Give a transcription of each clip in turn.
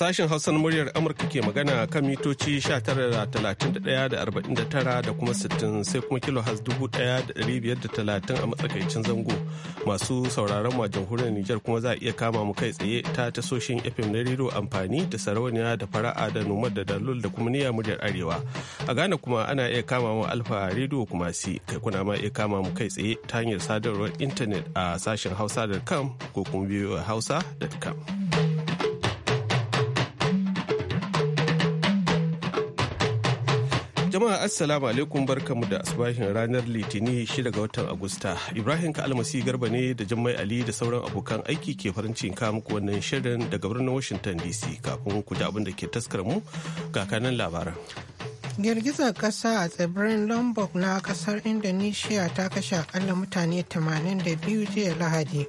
Sashen Hausan muryar Amurka ke magana kan mitoci 19,31,49 da kuma 60 sai kuma kilo has 1,530 a matsakaicin zango. Masu sauraron ma jamhuriyar Nijar kuma za a iya kama mu kai tsaye ta tasoshin FM na rediyo amfani da sarauniya da fara'a da noma da dalul da kuma niyya muryar Arewa. A Ghana kuma ana iya kama mu alfa rediyo kuma si kai kuna ma iya kama mu kai tsaye ta hanyar sadarwar intanet a sashen hausa.com ko kuma biyu hausa.com. Jama'a Assalamu alaikum barkamu da asubahin ranar litini 6 ga watan Agusta. Ibrahim ka Kalmasi Garba ne da jammai Ali da sauran abokan aiki ke farin cikin kawo wannan shirin daga birnin Washington DC kafin ku ji abin da ke taskar mu ga kanan labaran. Girgizar kasa a tsibirin Lombok na kasar Indonesia ta kashe akalla mutane 82 jiya Lahadi.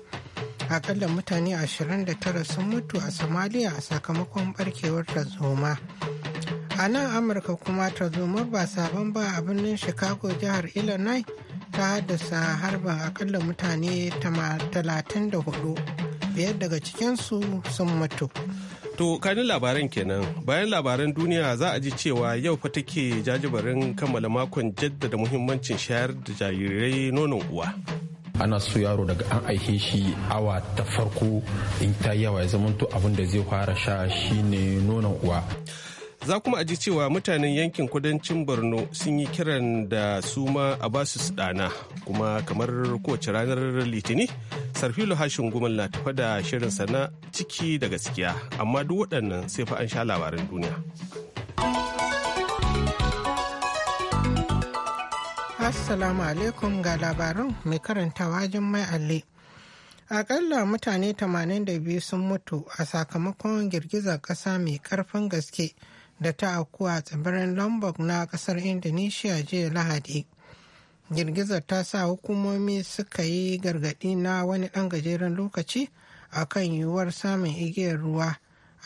Akalla mutane 29 sun mutu a Somalia a sakamakon barkewar tarzoma. zoma. a nan amurka kuma ta tarzomar ba sabon ba a birnin chicago jihar illinois ta haddasa harbin akalla mutane 34 biyar daga cikinsu sun mutu To kanin labaran kenan bayan labaran duniya za a ji cewa yau fa take jajibarin kammala makon jaddada muhimmancin shayar da jarirai nonon uwa. ana so yaro daga an aihe shi awa ta farko in ta yawa ya zamanto abin da zai fara sha shine nonon uwa. za kuma a ji cewa mutanen yankin kudancin borno sun yi kiran da suma a basu su dana kuma kamar kowace ranar litini sarfilo hashin gumal na tafa da shirin sana ciki da gaskiya amma duk waɗannan sai fa an sha labaran duniya assalamu alaikum ga labarin mai karantawa mai alli akalla mutane 82 sun mutu a sakamakon girgizar ƙasa mai karfin gaske da ta auku a tsibirin lombok na kasar indonesia jiya lahadi girgizar ta sa hukumomi suka yi gargadi na wani ɗan gajeren lokaci a kan yiwuwar samun igiyar ruwa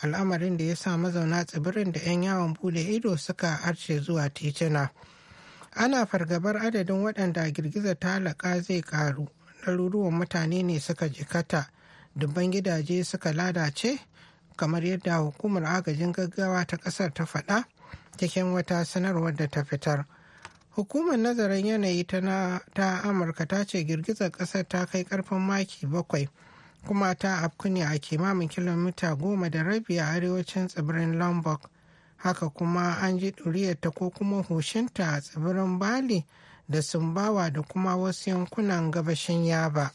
al'amarin da ya sa mazauna tsibirin da 'yan yawon bude ido suka arce zuwa titina ana fargabar adadin waɗanda girgizar ta halaka zai karu ɗaruruwan mutane ne suka jikata dubban gidaje suka lalace kamar yadda hukumar agajin gaggawa ta kasar ta faɗa cikin wata sanarwar da ta fitar hukumar nazarin yanayi ta amurka ta ce girgizar kasar ta kai karfin maki bakwai kuma ta afku ne a kimamin kilomita goma da rabi a arewacin tsibirin lombok haka kuma an ji ta ko kuma hushinta a tsibirin bali da sumbawa da kuma wasu yankunan gabashin yaba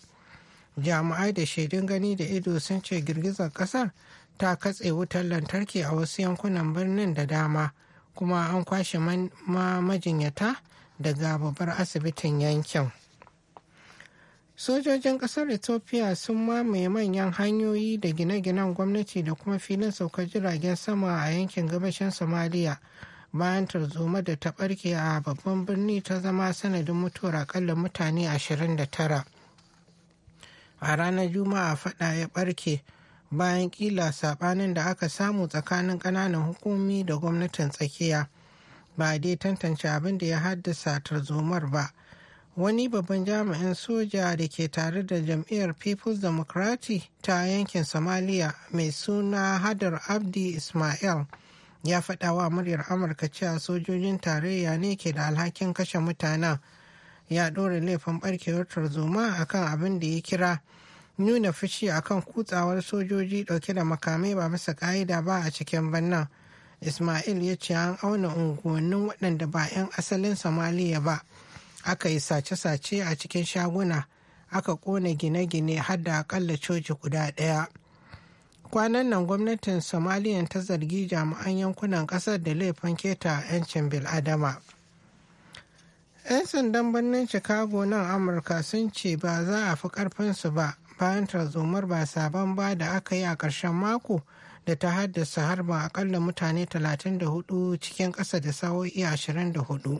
jami'ai da shaidun gani da ido sun ce girgizar kasar ta katse wutar lantarki a wasu yankunan birnin da dama kuma an kwashe ma majinyata daga babbar asibitin yankin sojojin ƙasar ethiopia sun mamaye manyan hanyoyi da gine-ginen gwamnati da kuma filin saukar jiragen sama a yankin gabashin somalia bayan tarzoma da ta barke a babban birni ta zama sanadin mutuwar akalla mutane 29 a ranar juma'a faɗa ya ɓarke. bayan kila sabanin da aka samu tsakanin kananan hukumi da gwamnatin tsakiya ba dai tantance abin da ya haddasa tarzomar ba wani babban jami'in soja da ke tare da jam'iyyar people's democratic ta yankin somalia mai suna hadar abdi ismail ya faɗa wa muryar amurka cewa sojojin tarayya ne ke da alhakin kashe mutanen ya ɗora laifin ɓarkewar tarzoma akan abin da ya kira nuna fushi kan kutsawar sojoji dauke da makamai ba bisa ka'ida ba a cikin birnin ismail ya ce an auna unguwannin waɗanda ba 'yan asalin somaliya ba aka yi sace-sace a cikin shaguna aka ƙona gine-gine har da akalla coci guda ɗaya kwanan nan gwamnatin somaliya ta zargi jami'an yankunan ƙasar da laifin keta 'yancin bil'adama 'yan sandan birnin chicago nan amurka sun ce ba za a fi ƙarfinsu ba bayan tarzomar ba sabon ba da aka yi a ƙarshen mako da ta haddasa harba akalla mutane 34 cikin ƙasa da sa'o'i 24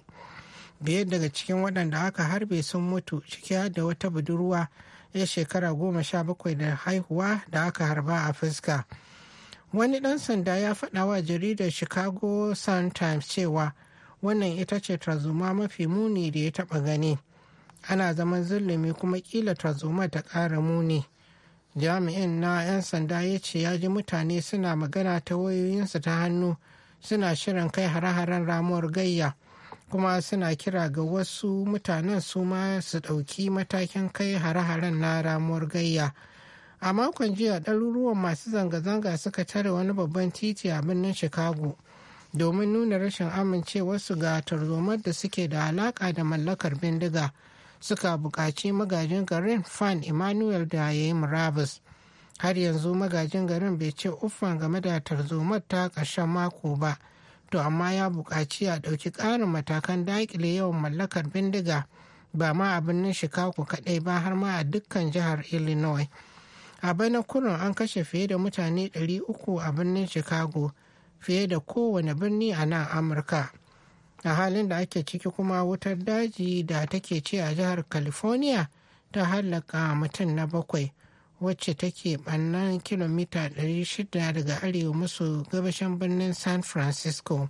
biyar daga cikin waɗanda aka harbe sun mutu ciki da wata budurwa ya shekara goma sha bakwai da haihuwa da aka harba a fuska wani ɗan sanda ya faɗa wa jaridar chicago sun times cewa wannan ita ce tarzoma mafi muni da ya taɓa gani ana zaman zulumi kuma kila tarzoma ta ƙara muni jami'in na 'yan sanda ya ce ya ji mutane suna magana ta wayoyinsu ta hannu suna shirin kai hare-haren ramuwar gayya kuma suna kira ga wasu mutanen su ma su ɗauki matakin kai hare-haren na ramuwar gayya a makon jiya ɗaruruwan masu zanga-zanga suka tare wani babban titi a birnin chicago domin nuna rashin amincewarsu ga tarzomar da suke da alaƙa da mallakar bindiga. suka buƙaci magajin garin fan emmanuel da ya yi murabus har yanzu magajin garin bai ce uffan game da tarzomar ta ƙarshen mako ba to amma ya buƙaci a ɗauki ƙarin matakan daƙile yawan mallakar bindiga ba ma a birnin chicago kaɗai ba har ma a dukkan jihar illinois a bana kurin an kashe fiye da mutane 300 a birnin chicago fiye da kowane birni a nan amurka a halin da ake ciki kuma wutar daji da take ci a jihar california ta hallaka mutum na bakwai wacce take bannan kilomita 600 daga arewa maso gabashin birnin san francisco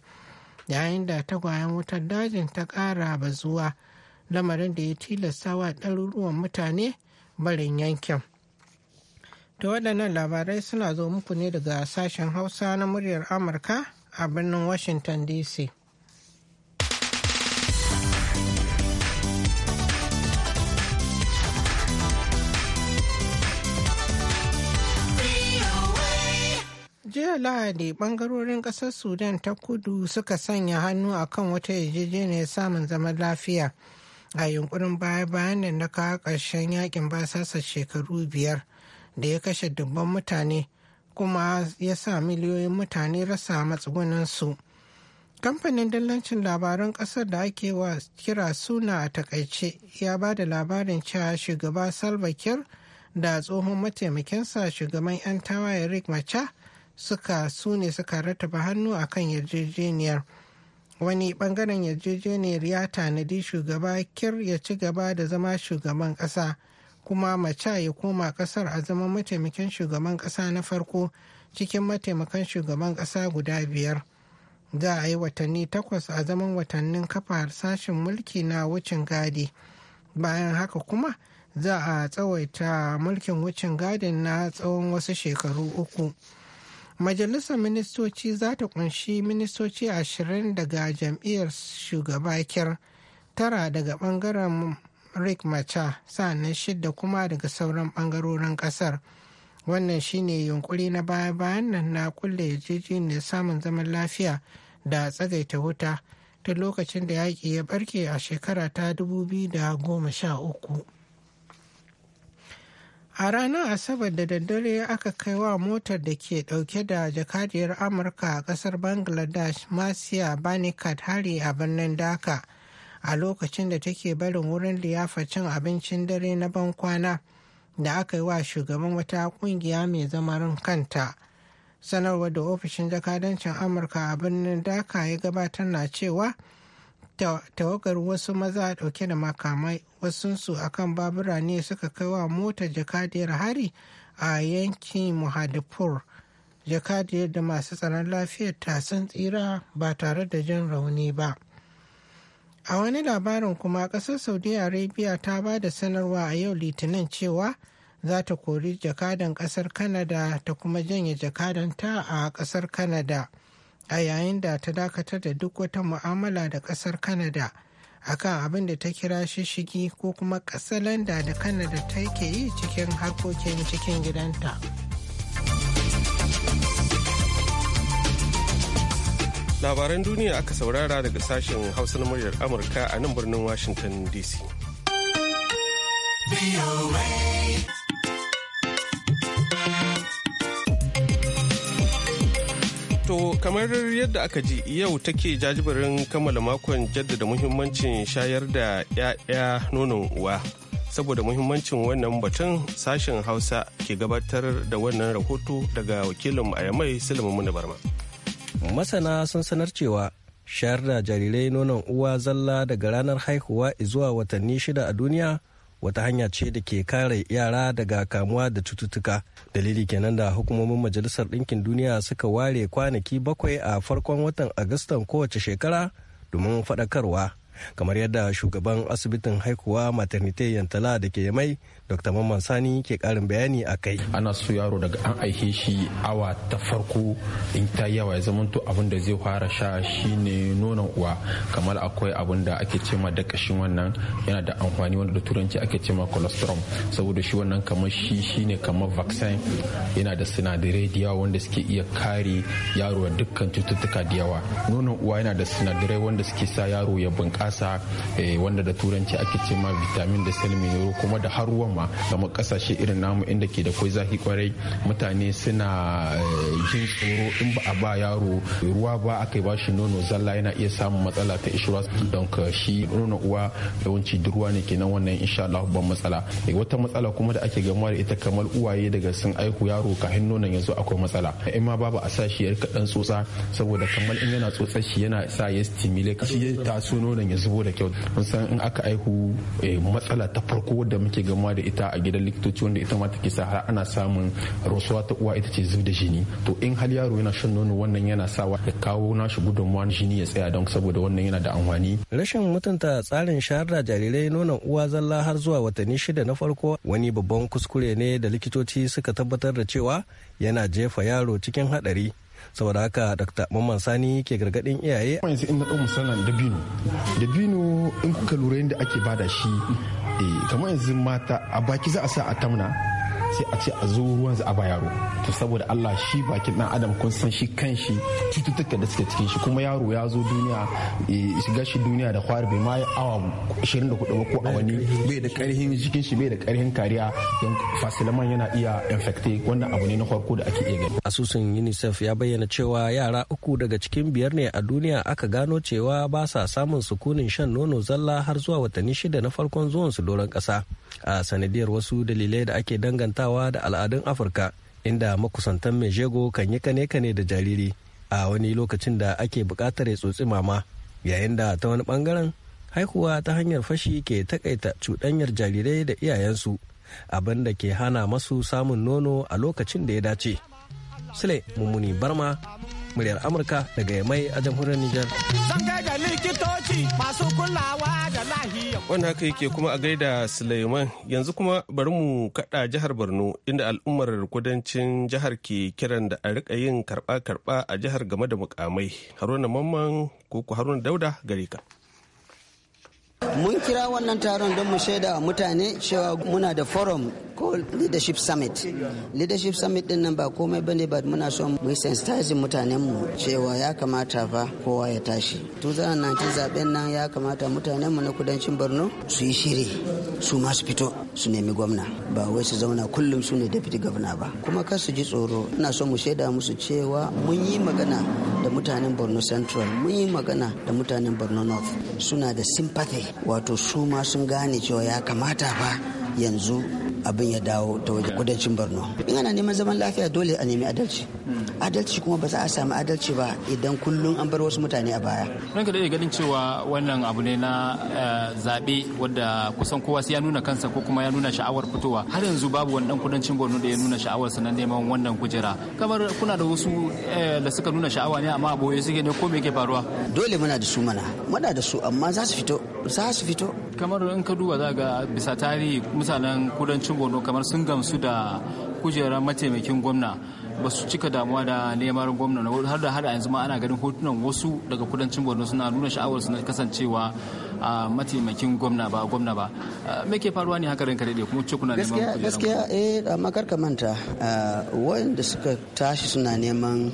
yayin da tagwayen wutar dajin ta kara bazuwa lamarin da ya tilasta wa ɗaruruwan mutane barin yankin ta waɗannan labarai suna zo muku ne daga sashen hausa na muryar amurka a birnin washington dc jiya lahadi bangarorin kasar sudan ta kudu suka sanya hannu akan wata yarjejeniyar samun zaman lafiya a yunkurin baya bayan da na kawo ƙarshen yakin basasa shekaru biyar da ya kashe dubban mutane kuma ya sa miliyoyin mutane rasa matsugunansu kamfanin dillancin labaran kasar da ake wa kira suna a takaice ya ba da labarin cewa shugaba salva kiir da tsohon mataimakinsa shugaban 'yan tawaye rick suka su ne suka rattaba hannu a kan yarjejeniyar wani bangaren yarjejeniyar ya tanadi shugaba kir ya ci gaba da zama shugaban ƙasa kuma maca ya koma ƙasar a zama mataimakin shugaban ƙasa na farko cikin mataimakan shugaban ƙasa guda biyar za a yi watanni takwas a zaman watannin kafa harsashen mulki na wucin gadi bayan haka kuma za a tsawaita mulkin wucin gadin na tsawon wasu shekaru uku. majalisar ministoci za ta kunshi ministoci ashirin daga jam'iyyar shugaba kyar tara daga bangaren rick macha na shidda kuma daga sauran bangarorin kasar wannan shine yunkuri na baya-bayan nan na kulle yarjejeniyar samun zaman lafiya da tsagaita wuta ta lokacin da yaƙi ya barke a shekara ta 2013 a ranar asabar da daddare aka kai wa motar da ke dauke da jakadiyar amurka a kasar bangladesh masiya banikat hari a birnin daka, a lokacin da take barin wurin liyafa cin abincin dare na bankwana da aka yi wa shugaban wata kungiya mai zamarin kanta sanarwar da ofishin jakadancin amurka a birnin daka ya gabatar na cewa tawagar wasu maza dauke da makamai wasunsu akan babura ne suka kai wa mota jakadiyar hari a yankin muhadipur jakadiyar da masu tsaron lafiyar san tsira ba tare da jin rauni ba a wani labarin kuma kasar saudi arabia ta ba da sanarwa a yau litinin cewa za ta kori jakadan kasar Kanada ta kuma janye ta a kasar Kanada. a yayin da ta dakatar da duk wata mu'amala da kasar canada akan abin da ta kira shishigi ko kuma katsalanda da canada ta ke yi cikin harkokin cikin gidanta labaran duniya aka saurara daga sashen hausa na muryar amurka a nan birnin washington dc To kamar yadda aka ji yau take jajibirin kammala makon jaddada muhimmancin shayar da 'ya'ya nonon uwa. Saboda muhimmancin wannan batun sashen Hausa ke gabatar da wannan rahoto daga wakilin Ayamai muna Barma. Masana sun sanar cewa shayar da jarirai nonon uwa zalla daga ranar haihuwa zuwa watanni shida a duniya wata hanya ce da ke kare yara daga kamuwa da cututtuka dalili kenan da hukumomin majalisar ɗinkin duniya suka ware kwanaki bakwai a farkon watan agustan kowace shekara domin faɗakarwa kamar yadda shugaban asibitin haikuwa maternity yantala da ke mai Dr. Mamman Sani ke karin bayani a kai. Ana so yaro daga an aihe shi awa ta farko in ta yawa ya zamanto abin da zai fara sha shine nonon uwa kamar akwai abin da ake cema da kashin wannan yana da amfani wanda da turanci ake cema colostrum saboda shi wannan kamar shi shine kamar vaccine yana da sinadarai da yawa wanda suke iya kare yaro dukkan cututtuka da yawa. Nonon uwa yana da sinadarai wanda suke sa yaro ya bunƙasa eh, wanda da turanci ake cema vitamin da sel kuma da har ruwan ba kamar kasashe irin namu inda ke da kwai zafi kwarai mutane suna eh, jin tsoro in ba a ba yaro ruwa ba aka yi bashi nono zalla yana iya samun matsala ta ishura don ka shi nono uwa yawanci ruwa ne kenan wannan insha Allah ban matsala eh, wata matsala kuma da ake gamuwa da ita kamar uwaye daga sun aihu yaro kafin nonon yanzu akwai matsala in ma babu a sa shi yar dan tsotsa saboda kamar in yana tsotsa shi yana sa ya stimule shi ya taso nonon ya zubo da kyau mun san in aka aihu eh, matsala ta farko da muke gamuwa da da ita a gidan likitoci wanda ita ma take sa har ana samun rasuwa ta uwa ita ce zub da jini to in hal yaro yana shan nono wannan yana sawa ya kawo nashi gudunmuwa jini ya tsaya don saboda wannan yana da amfani rashin mutunta tsarin shayar da jarirai nonon uwa zalla har zuwa watanni shida na farko wani babban kuskure ne da likitoci suka tabbatar da cewa yana jefa yaro cikin hadari saboda haka dr mamman sani ke gargadin iyaye yanzu in na ɗau misalan dabino dabino in kuka lura yadda ake bada shi eh, kamar yanzu mata a baki za a sa a tamna sai a ce a zo ruwan a ba yaro to saboda Allah shi bakin dan adam kun san shi kanshi cututtuka da suke cikin shi kuma yaro ya zo duniya shiga shi duniya da kwari bai ma awa 24 ba ko awanni bai da karhin jikin shi bai da karhin kariya don fasilaman yana iya infecte wannan abu ne na farko da ake iya asusun UNICEF ya bayyana cewa yara uku daga cikin biyar ne a duniya aka gano cewa ba sa samun sukunin shan nono zalla har zuwa watanni shida na farkon zuwansu doron kasa a sanadiyar wasu dalilai da ake danganta kyautatawa da al'adun afirka inda makusantan mai jego kan yi kane-kane da jariri a wani lokacin da ake buƙatar ya tsotsi mama yayin da ta wani ɓangaren haihuwa ta hanyar fashi ke takaita cuɗanyar jarirai da iyayensu abin da ke hana masu samun nono a lokacin da ya dace sule mummuni barma muryar amurka daga yamai a jamhuriyar nijar. zan likitoci masu kulawa wani haka yake kuma a gaida Suleiman yanzu kuma bari mu kada jihar Borno inda al'ummar kudancin jihar ke kiran da a rika yin karba karba a jihar game da mukamai. Haruna Mamman ko Haruna Dauda gare ka. Mun kira wannan taron don mu shaida mutane cewa muna da forum ko leadership summit. Leadership summit din nan ba komai bane ba muna so mu sensitize mutanen mu cewa ya kamata fa kowa ya tashi. 2019 zaben nan ya kamata mutanen mu na kudancin Borno su yi shiri su ma su fito su nemi gwamna ba wai su zauna kullum su ne deputy governor ba. Kuma kar su ji tsoro ina so mu shaida musu cewa mun yi magana da mutanen Borno Central mun yi magana da mutanen Borno North suna da sympathy wato su ma sun gane cewa ya kamata fa yanzu abin ya dawo ta waje kudancin borno in ana neman zaman lafiya dole a nemi adalci adalci kuma ba za a samu adalci ba idan kullum an bar wasu mutane a baya don ka da ganin cewa wannan abu ne na eh, zaɓe wadda kusan kowa sai ya nuna kansa ko kuma ya nuna sha'awar fitowa har yanzu babu wani dan kudancin borno da ya nuna sha'awar na neman wannan kujera kamar kuna da wasu eh, da suka nuna sha'awa ne amma a boye suke ne ko me ke faruwa dole muna da su mana muna da su amma za su fito za su fito kamar in ka duba za ga bisa tarihi misalan kudancin borno kamar sun gamsu da kujerar mataimakin gwamna ba su cika damuwa da neman gwamna har da har yanzu ma ana ganin hotunan wasu daga kudancin borno suna nuna sha'awar su na kasancewa a mataimakin gwamna ba gwamna ba me ke faruwa ne haka ranka daidai kuma ce kuna neman gaskiya eh amma ka manta wanda suka tashi suna neman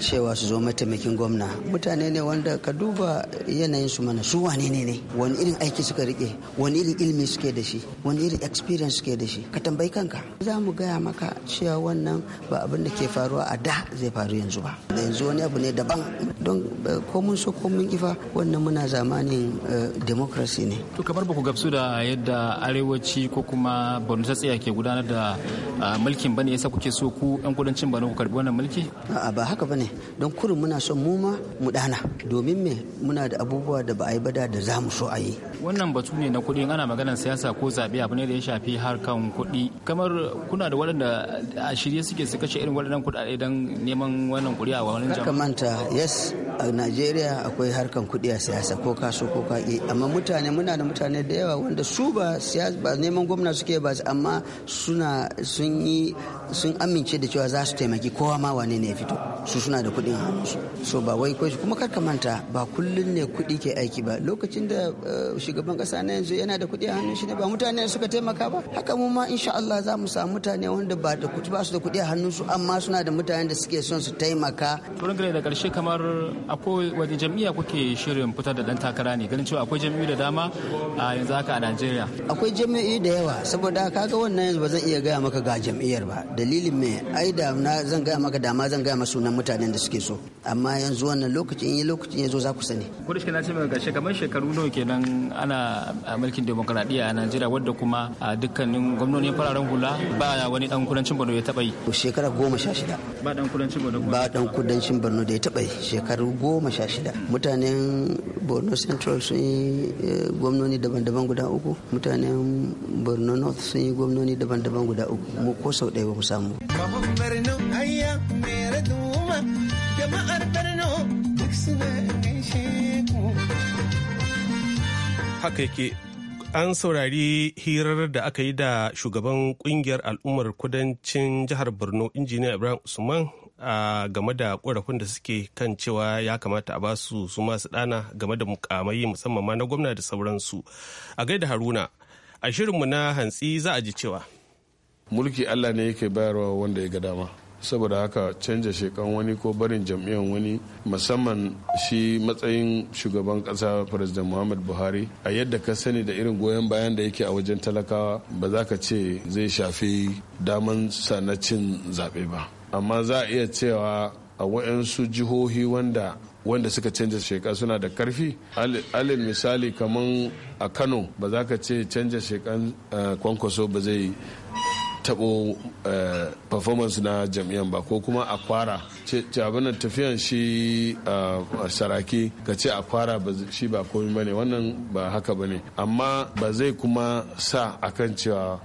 cewa su zo mataimakin gwamna mutane ne wanda ka duba yanayin su mana su wane ne ne wani irin aiki suka rike wani irin ilimi suke da shi wani irin experience suke da shi ka tambayi kanka za mu gaya maka cewa wannan ba abin da ke ke faruwa a da zai faru yanzu ba da yanzu wani abu ne daban don eh, ko so ko mun kifa wannan muna zamanin eh, democracy ne to kamar ba ku da yadda arewaci ko kuma borno ta tsaya ke gudanar da eh, mulkin bane yasa kuke so ku yan kudancin bane ku karbi wannan mulki a'a ba haka bane don kurin muna son mu ma mu dana domin me muna da abubuwa da ba a yi bada da zamu so a yi wannan batu ne na kuɗi ana maganar siyasa ko zabe abu ne da ya shafi harkan kuɗi kamar kuna da waɗanda a shirye suke su kashe irin waɗanda waɗannan kuɗaɗe don neman wannan kuri'a a wani jama'a. manta yes a Najeriya akwai harkan kudi a siyasa ko kaso ko kaki amma mutane muna da mutane da yawa wanda su ba neman gwamna suke ba amma suna sun yi sun amince da cewa za su taimaki kowa ma wane ne ya fito su suna da kuɗin hannunsu so ba wai ko kuma kar ka manta ba kullun ne kuɗi ke aiki ba lokacin da eh, shugaban ƙasa na yanzu yana da kuɗi a hannun shi ne ba mutane suka taimaka ba haka mu ma insha Allah za mu samu mutane wanda ba da kuɗi ba su da kuɗi a hannunsu amma suna da mutanen da suke son su taimaka. Turin da ƙarshe kamar akwai wani jami'a kuke shirin fitar da dan takara ne ganin cewa akwai jami'u da dama a yanzu haka a Najeriya. Akwai jami'u da yawa saboda kaga wannan yanzu ba zan iya gaya maka ga jami'ar ba dalilin mai ai da na zan gaya maka dama zan gaya masu sunan mutanen da suke so amma yanzu wannan lokacin in yi lokacin ya zo za ku sani ko da shi na ce maka gashi kamar shekaru nawa kenan ana mulkin demokradiyya a Najeriya wadda kuma a dukkanin gwamnonin fararen hula ba wani dan kudancin Borno ya taba yi shekara goma sha shida ba dan kudancin Borno ba dan kudancin Borno da ya taba yi shekaru goma sha shida mutanen Borno Central sun yi eh, gwamnoni daban-daban guda uku mutanen Borno North sun yi gwamnoni daban-daban guda uku mu ko sau ɗaya ba mu samu. Haka yake an saurari hirar da aka yi da shugaban kungiyar al'ummar kudancin jihar Borno injiniya Ibrahim Usman a game da korafin da suke kan cewa ya kamata a ba su su masu dana game da mukamai musamman ma na gwamna da sauransu a gaida haruna a shirinmu na hantsi za a ji cewa mulki allah ne yake bayarwa wanda ya ga dama saboda haka canja shekan wani ko barin jam'iyyar wani musamman shi matsayin shugaban kasa president muhammad buhari a yadda ka sani da irin goyon bayan da yake a wajen talakawa ba za ka ce zai shafi daman sanacin zaɓe ba amma za a iya cewa a waɗansu jihohi wanda wanda suka canja sheka suna da karfi alin misali kamar a kano ba za ka ce canja shekan eh, kwankwaso ba zai taɓo eh, performance na jami'an ba ko kuma a kwara abin tafiyan shi eh, saraki ka ce a kwara shi ba komi ba ne wannan ba haka ba ne amma ba zai kuma sa akan cewa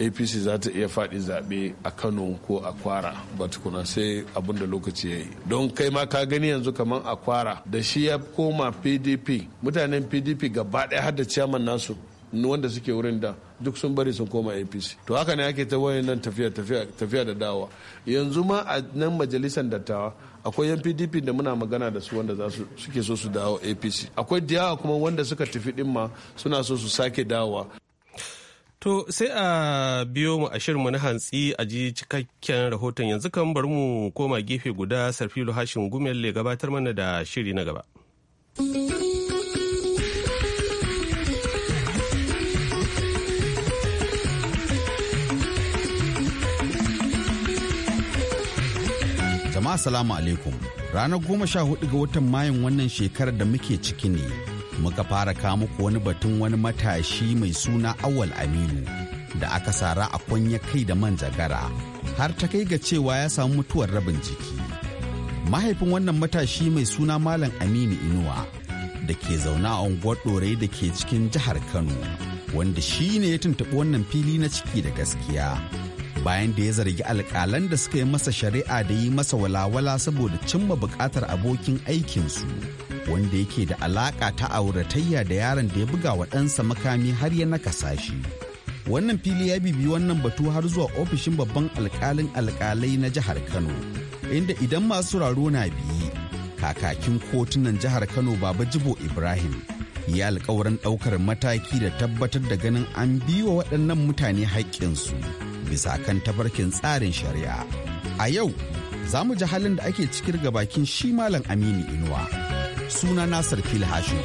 apc za ta iya faɗi zaɓe a kano ko a kwara ba tukuna sai abin da lokaci ya yi don kai ma ka gani yanzu kamar a kwara da shi ya koma pdp mutanen pdp gaba ɗaya har da ciyaman nasu wanda suke wurin da duk sun bari sun koma apc to haka ne ake ta wayan nan tafiya da dawa yanzu ma a nan majalisar dattawa akwai yan pdp da muna magana da su wanda suke so su dawo apc akwai diyawa kuma wanda suka tafi din ma suna so su sake dawa To sai a biyo mu a mu na hantsi a ji cikakken rahoton yanzu kan bar mu koma gefe guda sarfilu hashin gumel gabatar mana da shiri na gaba. Jama'a salamu alaikum ranar goma sha hudu ga watan Mayun wannan shekarar da muke ciki ne muka fara kawo muku wani batun wani matashi mai suna Awal Aminu da aka sara a kwanya kai da man jagara har ta kai ga cewa ya samu mutuwar rabin jiki. Mahaifin wannan matashi mai suna Malam Aminu Inuwa da ke zauna a unguwar Dorai da ke cikin jihar Kano wanda shi ne ya tuntuɓi wannan fili na ciki da gaskiya. bayan da ya zargi alƙalan da suka yi masa shari'a da yi masa walawala saboda cimma buƙatar abokin aikinsu wanda yake da alaƙa ta auratayya da yaron da ya buga wa ɗansa makami har ya nakasa shi. Wannan fili ya bibi wannan batu har zuwa ofishin babban alƙalin alƙalai na jihar Kano, inda idan masu raro na biyi, kakakin kotunan jihar Kano Baba Jibo Ibrahim ya alkawarin ɗaukar mataki da tabbatar da ganin an biyo waɗannan mutane haƙƙinsu. su. bisa kan tafarkin tsarin shari'a. A yau, za mu ji halin da ake cikin gabakin shi Malam Aminu Inuwa. Suna Nasir Fil Hashin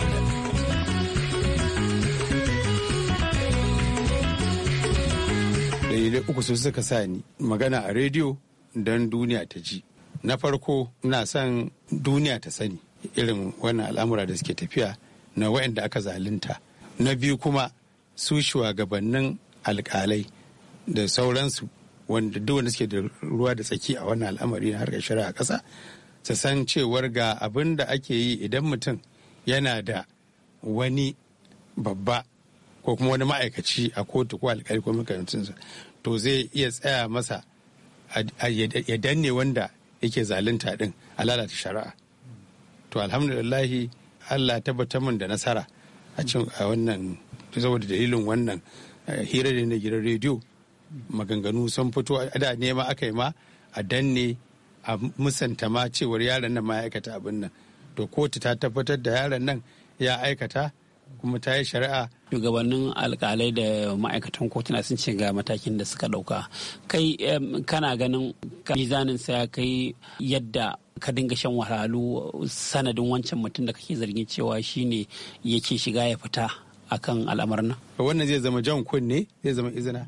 Dalilai uku su suka sa ni magana a rediyo don duniya ta ji. Na farko, ina son duniya ta sani irin wannan al'amura da suke tafiya na wayanda aka zalunta. Na biyu kuma su shugabannin alkalai da sauransu wanda duk wanda suke da ruwa da tsaki a wannan al'amari na harkar shari'a ƙasa su san cewar ga abin da ake yi idan mutum yana da wani babba ko kuma wani ma'aikaci a kotu ko alƙali ko makarantunsa to zai iya tsaya masa ya danne wanda yake zalunta din a lalata shari'a to alhamdulillahi allah tabbatar min da nasara a cin a wannan saboda dalilin wannan eh, hira da na gidan rediyo maganganu sun fito a da nema aka yi ma a danne a musanta ma cewar yaron nan ma ya aikata abin nan to kotu ta tabbatar da yaron nan ya aikata kuma ta yi shari'a shugabannin alkalai da ma'aikatan kotuna sun ce ga matakin da suka dauka kai kana ganin mizanin sa kai yadda ka dinga shan wahalhalu sanadin wancan mutum da kake zargin cewa shine yake shiga ya fita akan al'amarin nan wannan zai zama jan kunne zai zama izina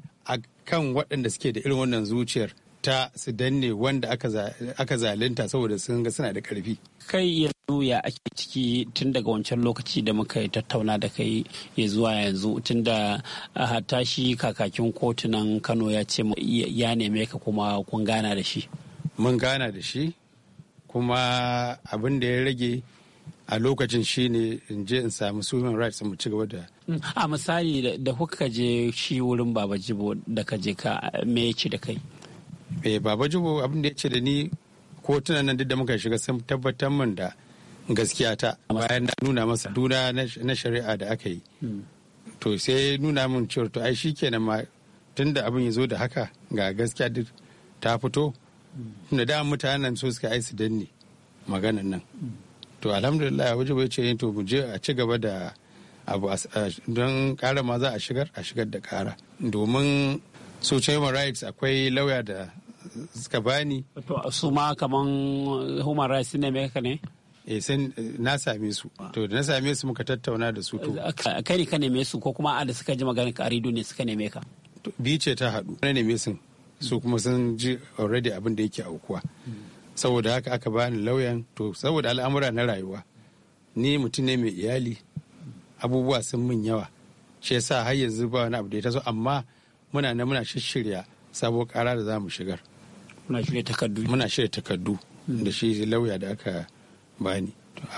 kan waɗanda suke da irin wannan zuciyar ta su danne wanda aka zalunta saboda sun ga suna da ƙarfi. Kai yanzu ya ake ciki tun daga wancan lokaci da muka yi tattauna da kai ya zuwa yanzu tun da hatta shi kakakin kotunan Kano ya ce ya neme ka kuma kun gana da shi. Mun gana da shi kuma abin da ya rage a lokacin shine in je in samu human rights mu ci gaba da Mm, a misali da kuka je shi wurin baba jibo da ka je ka me ya ce da kai eh baba jibo abin da ya ce da ni ko tunanin duk da muka shiga sun tabbatar min da gaskiya ta bayan na nuna masa duna na shari'a da aka yi mm. to sai nuna min cewa to ai shi kenan ma tun da abin ya zo da haka ga gaskiya duk ta fito mm. da da mutanen so suka ai su danne maganan nan to alhamdulillah wajen ya ce to mu je a ci gaba da abu eh, don kara ma za a shigar a shigar da kara domin su human rights akwai lauya da suka bani to su ma kaman human rights ne me ne eh sai na same su to da na same su muka tattauna da su to eh, kai ne ka neme su ko kuma a da suka ji magana ka rido ne suka neme ka Bi ce ta haɗu na neme sun su kuma sun ji already abin da yake aukuwa saboda haka aka bani lauyan to saboda al'amura na rayuwa ni mutum ne mai iyali abubuwa sun min yawa shi yasa har yanzu ba wani abu da ya taso amma muna na muna shirya sabo kara da zamu mu shigar muna shirya takardu muna shirya takardu hmm. da shi lauya da aka bani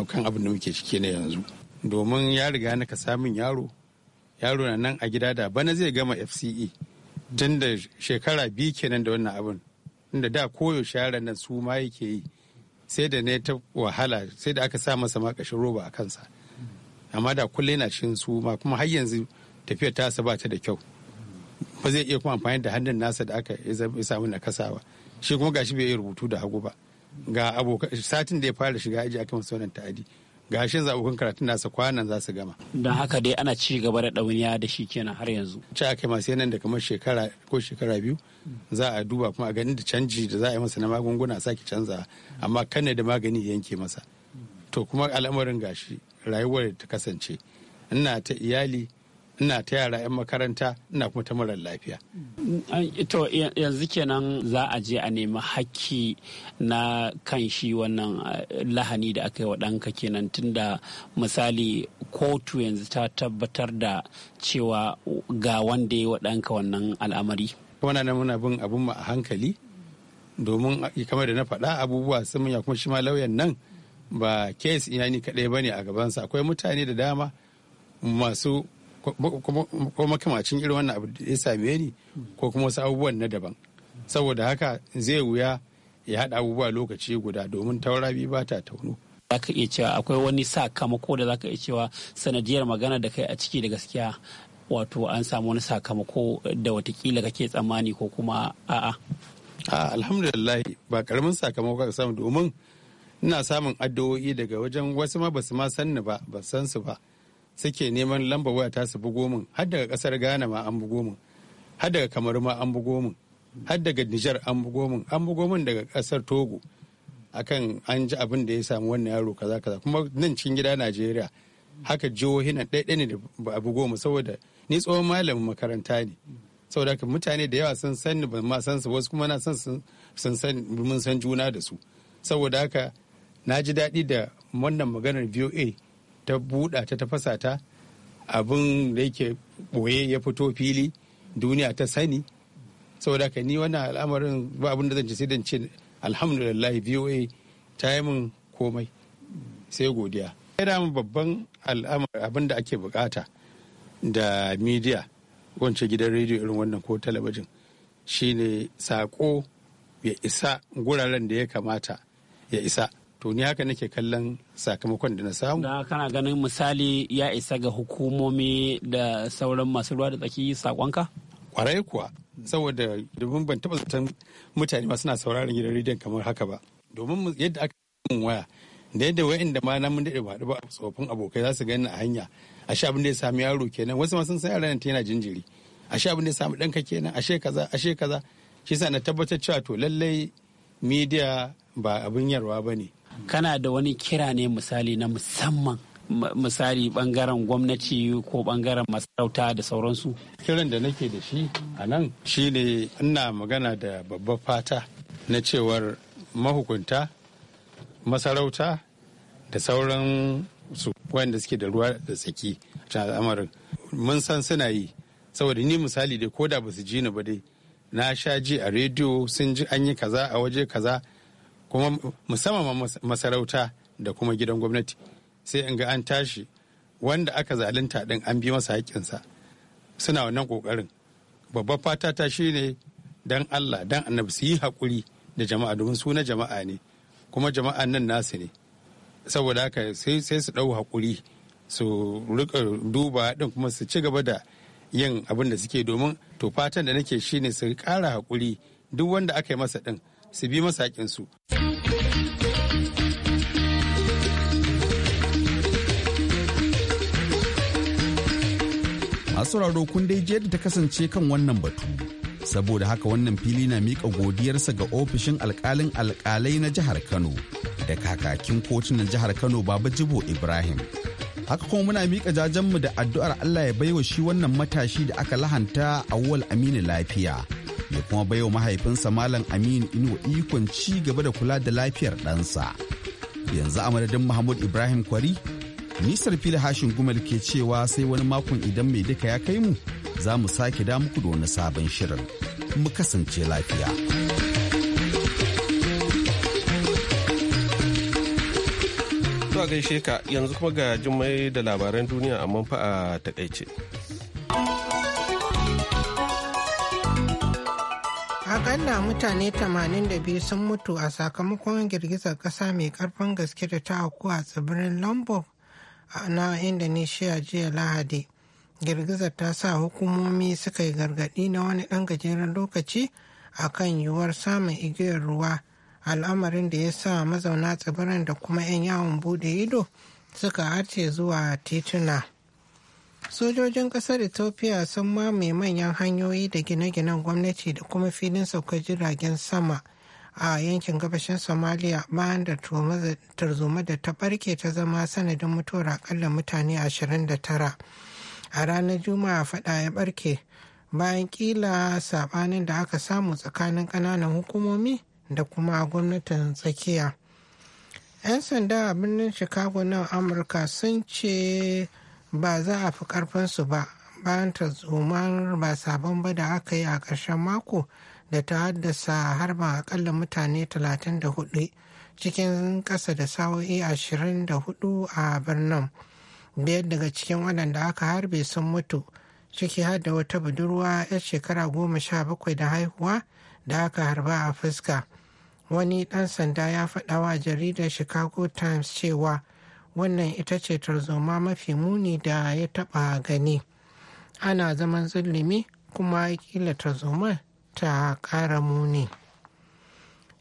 kan abin da muke ciki na yanzu domin ya riga na ka samun yaro yaro na nan a gida da bana zai gama fce tun da shekara biyu kenan da wannan abin inda da koyaushe yaran nan su ma yake yi sai da ne ta wahala sai da aka sa masa makashin roba a kansa amma da kullum yana cikin su ma kuma har yanzu tafiyar tasa ba ta da kyau ba zai iya kuma amfani da hannun nasa da aka ya samu na kasawa shi kuma gashi bai yi rubutu da hagu ba ga abokan satin da ya fara shiga aji aka masa wannan ta'adi ga shi abokan karatun nasa kwanan za su gama don haka dai ana ci gaba da ɗauniya da shi kenan har yanzu ci aka yi masu yanan da kamar shekara ko shekara biyu za a duba kuma a ganin da canji da za a yi masa na magunguna sake canza amma kanne da magani yanke masa to kuma al'amarin gashi rayuwar ta kasance ina ta iyali ina ta yara 'yan makaranta ina kuma ta mara lafiya. ito yanzu kenan za a je a nemi haƙƙi na kan shi wannan eh, lahani da aka yi wa ɗanka kenan tunda misali kotu yanzu ta tabbatar da cewa ga wanda ya yi ɗanka wannan al'amari. wana nan muna bin abun a hankali domin kamar da na faɗa abubuwa sun ya kuma shi ma lauyan nan ba kes ina ni kaɗai ba ne a gabansa akwai mutane da dama masu ko makamacin irin wannan abu da ya same ni ko kuma wasu abubuwan na daban saboda haka zai wuya ya haɗa abubuwa lokaci guda domin taurabi ba ta taunu. za ka iya cewa akwai wani sakamako da za ka iya cewa sanadiyar magana da kai a ciki da gaskiya wato an samu wani sakamako da watakila kake tsammani ko kuma a'a. alhamdulillah ba karamin sakamako ka samu domin ina samun addu'o'i daga wajen wasu ma basu ma san ni ba ba san su ba suke neman lamba waya ta su bugo min har daga kasar Ghana ma an bugo min har daga Kamaru ma an bugo min har daga niger an bugo min an bugo min daga kasar Togo akan an ji abin da ya samu wannan yaro kaza kaza kuma nan cikin gida Najeriya haka jihohi nan ɗaya ne da ba a bugo mu saboda ni tsohon malamin makaranta ne saboda haka mutane da yawa sun san ni ban ma san su wasu kuma na san sun san mun san juna da su saboda haka na ji daɗi da wannan maganar voa ta buɗa ta tafasa ta abin da yake ɓoye ya fito fili duniya ta sani saboda ka ni wannan al'amarin ba abin da zan ci sai dan ce alhamdulillah voa ta yi min komai sai godiya yana mu babban abin da ake bukata da media wancan gidan rediyo irin wannan ko talabijin shine sako ya isa guraren da ya kamata ya isa to ni haka nake kallon sakamakon da na samu da kana ganin misali ya isa ga hukumomi da sauran masu ruwa da tsaki sakonka kwarai kuwa saboda domin ban taba zaton mutane masu suna sauraron gidan rediyon kamar haka ba domin yadda aka yi waya da yadda wayan da ma na mun daɗe ba ba tsofaffin abokai za su gani a hanya a sha abin da ya sami yaro kenan wasu ma sun san yaran ta yana jinjiri a sha abin da ya sami ka kenan a kaza ashe kaza shi sa na tabbatar cewa to lallai media ba abin yarwa ba ne kana da wani kira ne misali na musamman misali bangaren gwamnati ko bangaren masarauta da sauransu kiran da nake da shi a nan shine ina magana da babbar fata na cewar mahukunta masarauta da sauran su wanda suke da ruwa da tsaki a al'amarin mun san suna yi saboda ni misali da ko da ba su ji ni ba dai na sha ji a rediyo sun ji an yi kaza a waje kaza kuma musamman masarauta da kuma gidan gwamnati sai in ga an tashi wanda aka zalunta din an bi masa haƙƙinsa suna wannan ƙoƙarin babbar fata ta shi ne dan Allah dan annabi su yi haƙuri da jama'a domin su na jama'a ne kuma jama'a nan nasu ne saboda haka sai su ɗau haƙuri su rika duba din kuma su ci gaba da yin abin da suke domin to fatan da nake shine su ƙara haƙuri duk wanda aka yi masa din su bi masa su masu sauraro kun dai je da ta kasance kan wannan batu saboda haka wannan fili na mika godiyarsa ga ofishin alkalin alkalai na jihar kano da kakakin kotunan jihar kano baba jibo ibrahim haka kuma muna miƙa jajenmu da addu'ar allah ya baiwa shi wannan matashi da aka lahanta awwal aminu lafiya ya kuma baiwa mahaifinsa malam aminu inuwa ikon ci gaba da kula da lafiyar ɗansa yanzu a madadin mahmud ibrahim kwari Nisar fili hashin gumal ke cewa sai wani makon idan mai duka ya kai mu za mu sake da muku da wani sabon shirin. Mu kasance lafiya. Zuwa gaishe ka yanzu kuma ga jimai da labaran duniya amma manfa a takaice. akalla mutane 82 sun mutu a sakamakon girgizar kasa mai karfin gaske da ta a tsibirin lombok na indonesia jiya lahadi girgizar ta sa hukumomi suka yi gargaɗi na wani ɗan gajeren lokaci a kan yiwuwar samun igiyar ruwa al'amarin da ya sa mazauna tsibirin da kuma 'yan yawon bude ido suka harce zuwa tituna sojojin ƙasar ethiopia sun mamaye manyan hanyoyi da gine-ginen gwamnati da kuma filin saukar jiragen sama. a yankin gabashin somalia bayan da tarzoma da ta barke ta zama sanadin mutuwar akalla mutane 29 a ranar juma'a fada ya barke bayan kila sabanin da aka samu tsakanin kananan hukumomi da kuma gwamnatin tsakiya 'yan sanda a birnin chicago nan amurka sun ce ba za a fi karfinsu ba bayan tarzomar ba sabon ba da aka yi a ƙarshen mako da ta haddasa harba akalla mutane 34 cikin kasa da sa'o'i 24 a birnin biyar daga cikin waɗanda aka harbe sun mutu ciki har da wata budurwa 'yar shekara goma sha bakwai da haihuwa da aka harba a fuska wani ɗan sanda ya faɗa wa jaridar chicago times cewa wannan ita ce tarzoma mafi muni da ya taɓa gani ana zaman zulumi kuma kila tarzoma ta kara muni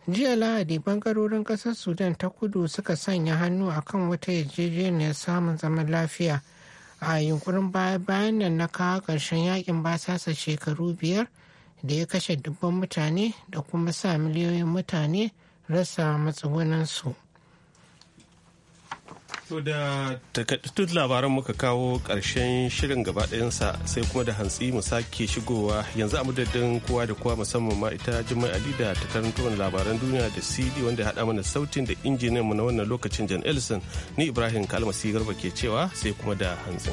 jiya lahadi bangarorin ƙasar sudan ta kudu suka sanya hannu a kan wata yarjejeniyar samun zaman lafiya a yunkurin bayan nan na kawo ƙarshen yakin basasa shekaru biyar da ya kashe dubban mutane da kuma sa miliyoyin mutane rasa matsugunansu To da labaran muka kawo ƙarshen shirin gaba ɗayansa sai kuma da hantsi mu sake shigowa yanzu a madadin kowa da kowa musamman ma ita jima'i Ali da ta labaran duniya da CD wanda ya haɗa mana sautin da injiniyan mu na wannan lokacin Jan Ellison ni Ibrahim Kalmasi Garba ke cewa sai kuma da hantsi.